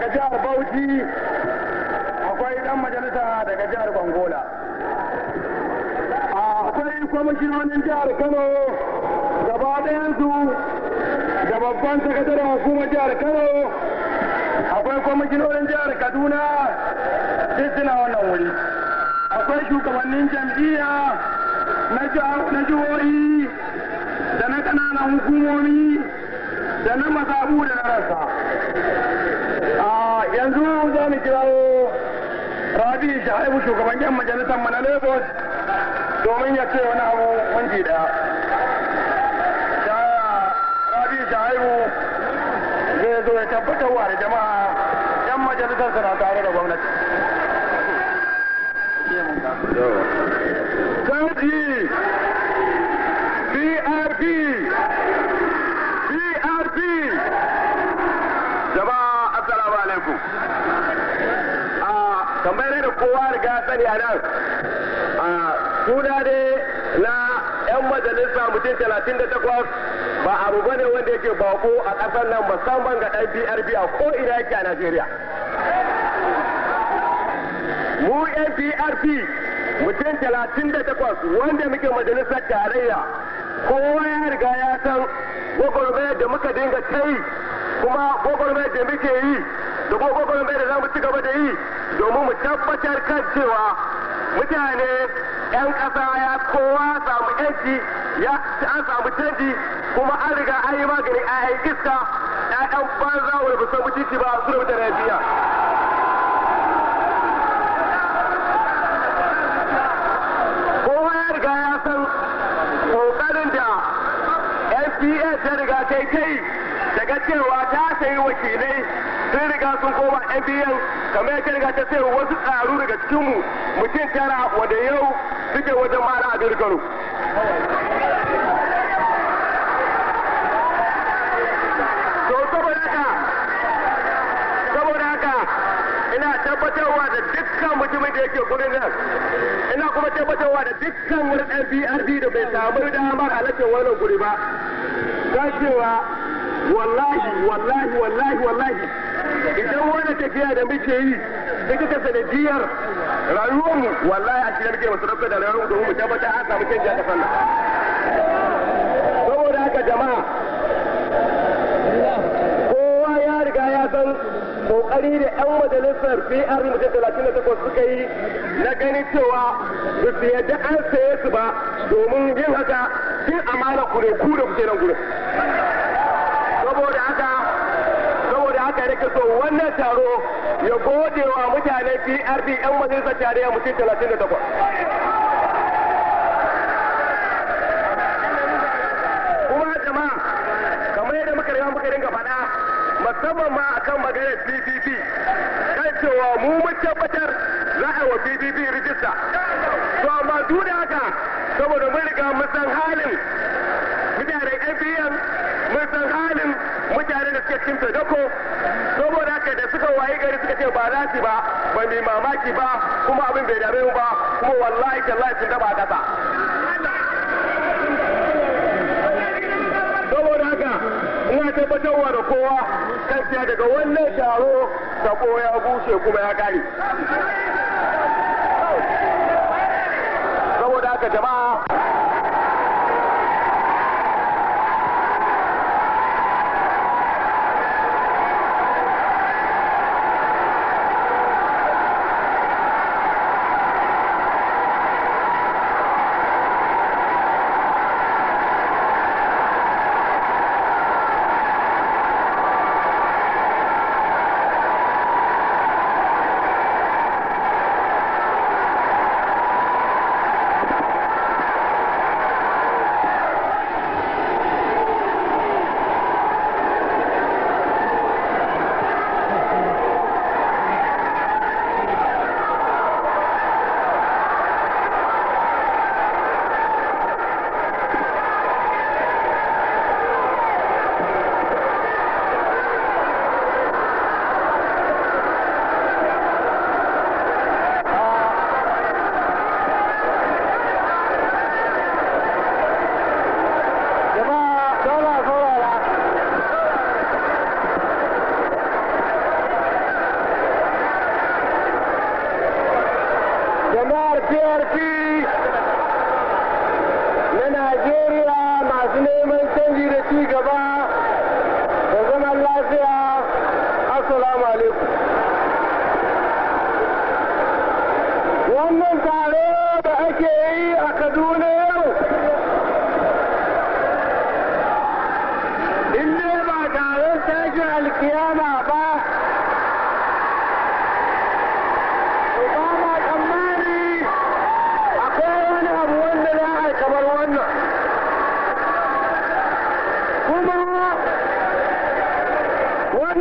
daga jihar Bauchi akwai dan majalisa daga jihar Bangola. Akwai kwamishinonin jihar Kano gaba ɗayansu da babban sakataren hukumar jihar Kano akwai kwamishinonin jihar Kaduna duk suna wannan wuri. Akwai shugabannin jam'iyya na jihohi da na ƙananan hukumomi da na mazabu da na rasa yanzu za mu kirawo rabi shaibu shugaban yan majalisar mu na lagos domin ya ce wani abu mun daya suna ne na 'yan majalisa mutum 38 ba abu bane wanda yake bako a ƙasar nan musamman ga ɗan brb a ko ina yake a najeriya mu yan brb mutum 38 wanda muke majalisar tarayya kowa ya riga ya san gwagwarmayar da muka dinga ta kuma kuma gwagwarmayar da muke yi da gogoro gwagwarmayar da za mu ci gaba da yi domin mu tabbatar kan cewa mutane 'yan ƙasa ya kowa samu yanci ya an samu canji kuma an riga an yi magani a yan iska ƴaƴan banza wani ba san mutunci ba su da mutane biya. Kowa ya riga ya san ƙoƙarin da NPS ya riga kai kai daga cewa ta sayi wakilai sun riga sun koma nbn kamar yadda riga ta sayi wasu tsaru daga cikinmu mutum tara wanda yau suke wajen mara abin kano ina tabbatarwa da dukkan mutumin da yake gurin nan ina kuma tabbatarwa da dukkan wani ɗan da bai samu damar halartar wannan guri ba don cewa wallahi wallahi wallahi wallahi idan wani tafiya da muke yi ita ta sanadiyar rayuwarmu wallahi a cikin muke masu rabta da rayuwar domin mu tabbatar an samu canji a kasan nan saboda haka jama'a kowa ya riga ya san kokari da yan majalisar PR mutum talatin da takwas suka yi na ganin cewa ba su yadda an saye su ba domin yin haka cin amana kure kure kuke nan gurin yake so wannan taro ya gode wa mutanen PRP 'yan majalisar tarayya mutum 38. musamman ma akan maganar PPP kan cewa mu mun tabbatar za a wa PPP rijista. To amma duk da haka saboda mun riga mun san halin mutanen NPN mun san halin mutanen da suke cin dako suka waye gari suka ce ba za su ba ba mai mamaki ba kuma abin bai dame mu ba kuma wallahi tallahi sun daba kasa saboda haka ina tabbatarwa da kowa kan daga wannan taro sako ya bushe kuma ya kare saboda haka jama'a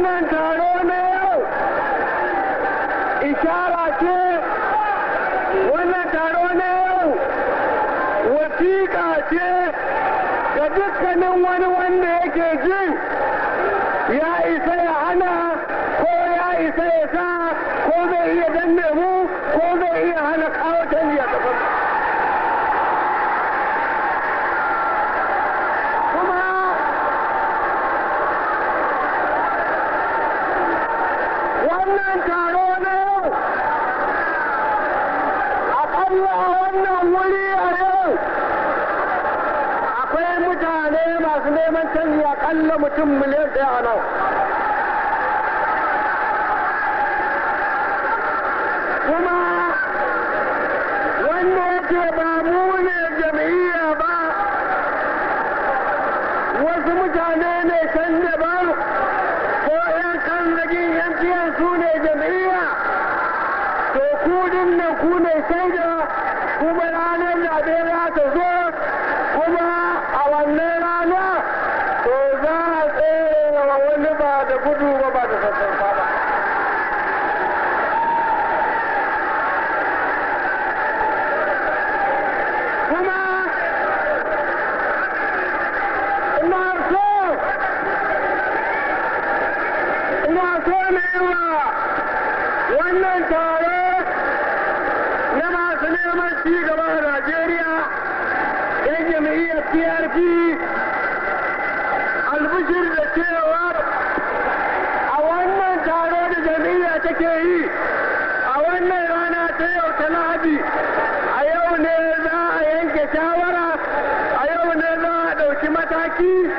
wannan taro ne yau ishara ce wannan taro na yau wasiƙa ce ga dukkanin wani wanda yake jin تكلمت ام اليد يعني Becky.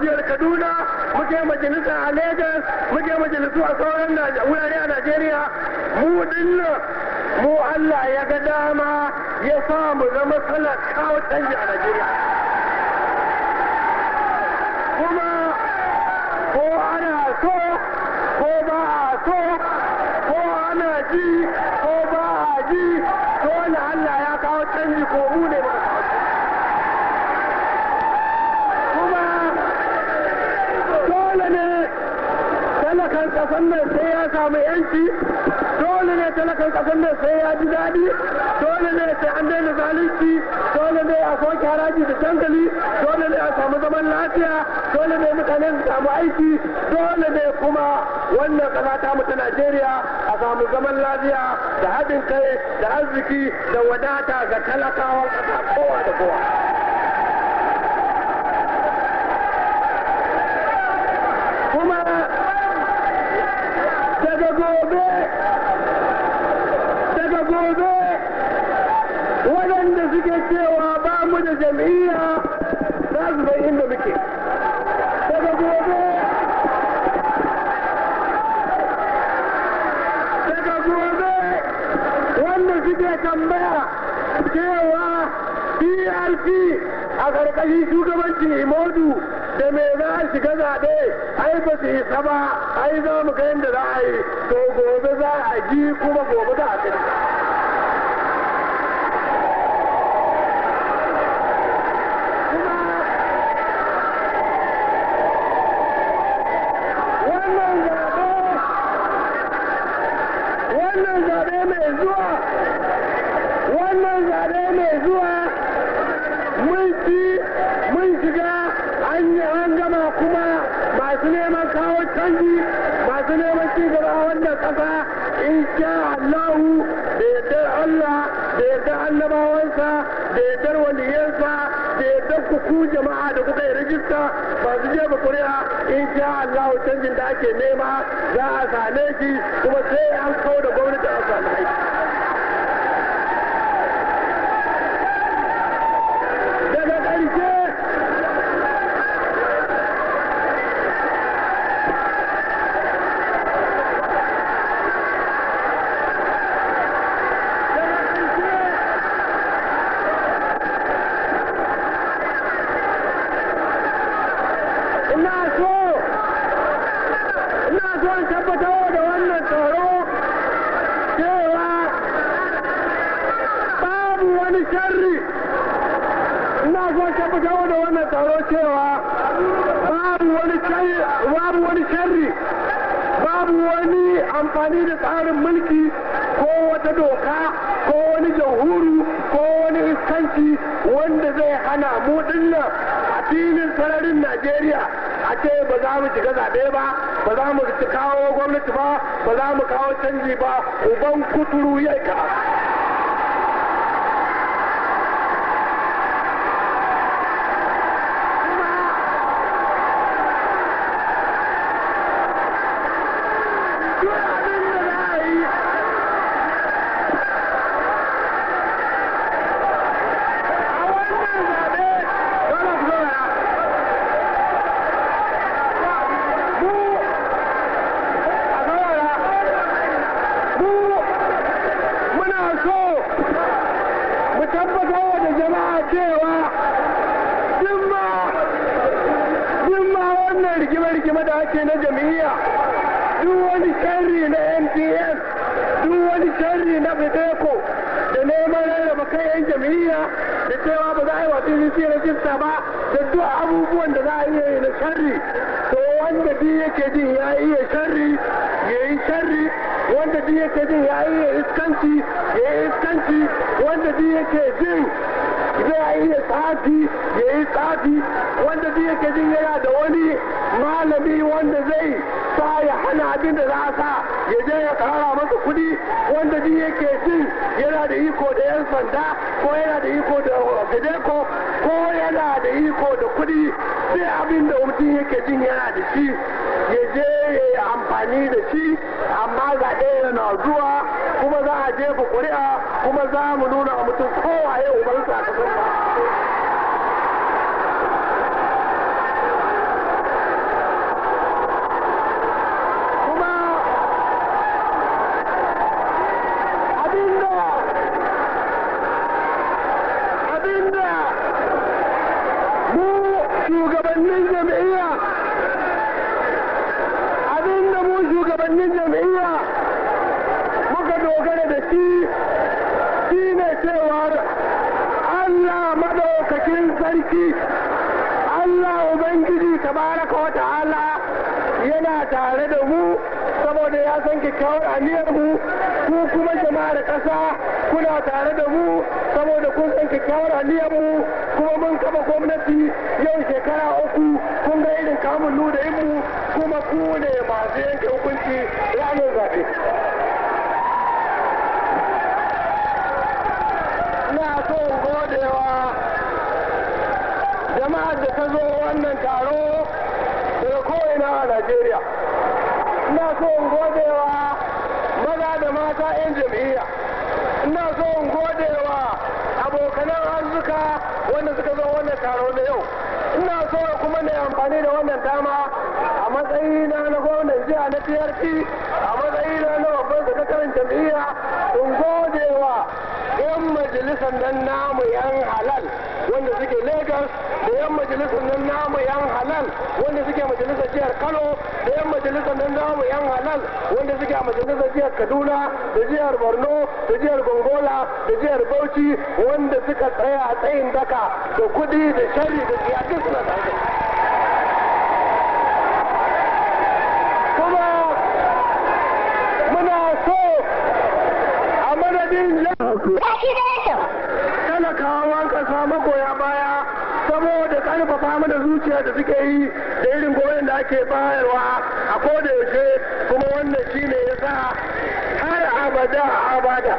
jihar kaduna muke majalisa a lagos muke majalisu a sauran wurare a najeriya mu dinna mu allah ya ga dama ya sa mu zama talakawa canji a najeriya kuma ko ana so ko ba a so ko ana ji samu yanci dole ne talakan kasan nan sai ya ji daɗi dole ne sai an daina zalunci dole ne a soke haraji da dangali dole ne a samu zaman lafiya dole ne mutanen su samu aiki dole ne kuma wannan ƙasa ta mu ta Najeriya a samu zaman lafiya da haɗin kai da arziki da wadata ga talakawan ƙasa kowa da kowa. yi shugabancin imodu da me za a shiga zaɓe ai ba su isa ba ai za mu ga yadda za a yi to gobe za a ji kuma gobe za a gani Allah da ya yardar annabawansa da ya yardar waliyansa da ya yardar ku jama'a da kuka yi rajista masu jefa kuri'a in sha Allah canjin da ake nema za a same shi kuma sai an kau da gwamnati a same najeriya a ce ba za mu shiga zaɓe ba ba za mu kawo gwamnati ba ba za mu kawo canji ba uban kuturu ya ka duniya wani sharri na mps duk wani sharri na fideko da neman rarraba kai yan jam'iyya da cewa ba za a yi wa tdc rajista ba da duk abubuwan da za a iya yi na sharri to wanda duk yake jin ya iya sharri ya yi sharri wanda duk yake jin ya ya yi wanda jin zai iya tsafi ya yi tsafi wanda zai yake jin yana da wani malami wanda zai sa ya hana abin da za a sa ya je ya kara masa kuɗi wanda zai yake jin yana da iko da yan sanda ko yana da iko da gadeko ko yana da iko da kuɗi sai abin da mutum yake jin yana da shi ya je ya yi amfani da shi amma zaɓe yana zuwa kuma za a jefa ƙuri'a kuma za mu nuna a mutum kowaye ubansa a kasar ba wannan kyakkyawar aniyar mu ku kuma jama'ar ƙasa kuna tare da mu saboda kun san kyakkyawar aniyar mu kuma mun kafa gwamnati yau shekara uku kun ga irin kamun ludayin mu kuma ku ne masu yanke hukunci ranar zafi. Ina so godewa jama'ar da ta zo wannan taro daga ko'ina a Najeriya. ina so in gode wa maza da mata 'yan jam'iyya ina so in gode wa abokanan arzika wanda suka zo wannan taro na yau ina so kuma na amfani da wannan dama a matsayina na gwamnan jiha na trp a matsayina na babban sakataren jam'iyya in gode wa 'yan majalisan nan namu 'yan halal wanda suke lagos da yan majalisar nan namu yan halal wanda suke majalisar jihar kano da yan majalisar nan namu yan halal wanda suke a majalisar jihar kaduna da jihar borno da jihar gongola da jihar bauchi wanda suka tsaya a tsayin daka da kudi da shari da siyasa suna tare gaskiya da suke yi da irin goyon da ake bayarwa a koda yaushe kuma wannan shi ne ya sa har abada abada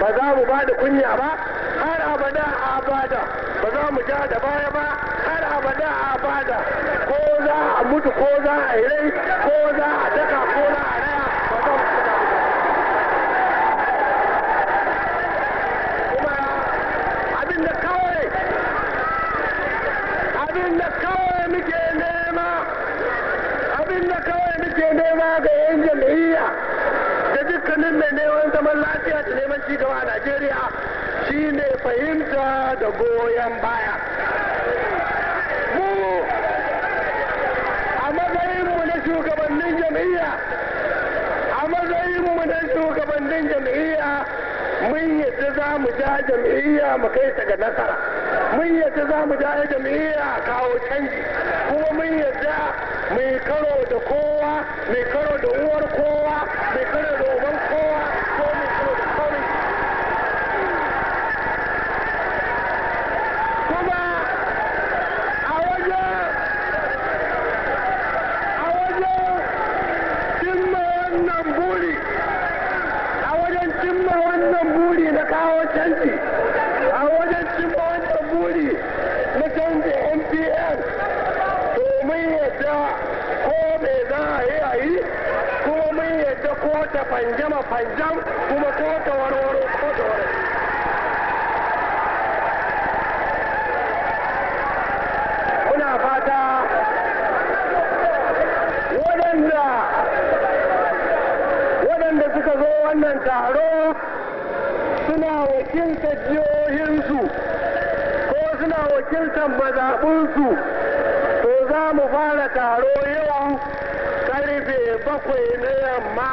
ba za mu ba da kunya ba har abada abada ba za mu ja da baya ba har abada abada ko za a mutu ko za a yi rai ko za a daka goyon baya mu a matsayinmu na shugabannin jam'iyya a matsayinmu na shugabannin jam'iyya mun yadda za mu ja jam'iyya mu kai ta ga nasara mun yadda za mu ja jam'iyya a kawo canji kuma mun yadda mai karo da kowa mai karo da uwar kowa mai karo a yi ko mun yadda ko ta fanjama fanjam kuma ko ta warwaro ko ta warwaro muna fata waɗanda waɗanda suka zo wannan taro suna wakiltar jihohinsu ko suna wakiltar mazaɓinsu bakwai na yamma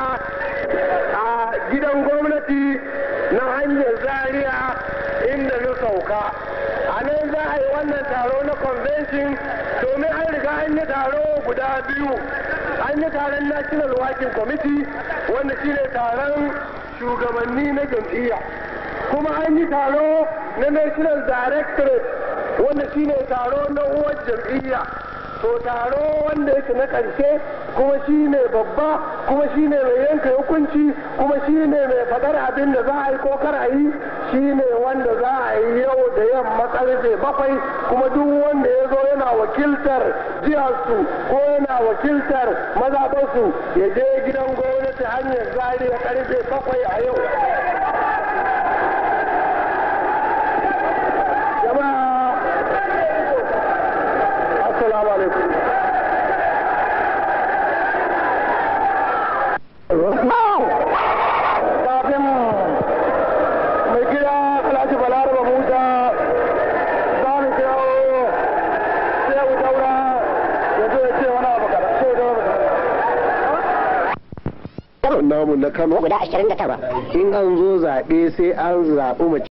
a gidan gwamnati na hanyar zaria inda na sauka a nan za a yi wannan taro na convention domin an riga an yi taro guda biyu an yi taron national working committee wanda shine taron shugabanni na jam'iyya kuma an yi taro na national directorate wanda shine taro na uwar jam'iyya to taro wanda yake na ƙarshe kuma shi ne babba kuma shi ne mai yanka hukunci kuma shi ne mai faɗar abin da za a yi ko kar a yi shi ne wanda za a yi yau da yamma karfe bakwai kuma duk wanda ya zo yana wakiltar jiharsu ko yana wakiltar mazaɓarsu ya je gidan gwamnati hanyar a karfe bakwai a yau Kano guda 29 in an zo zaɓe sai an zaɓi mace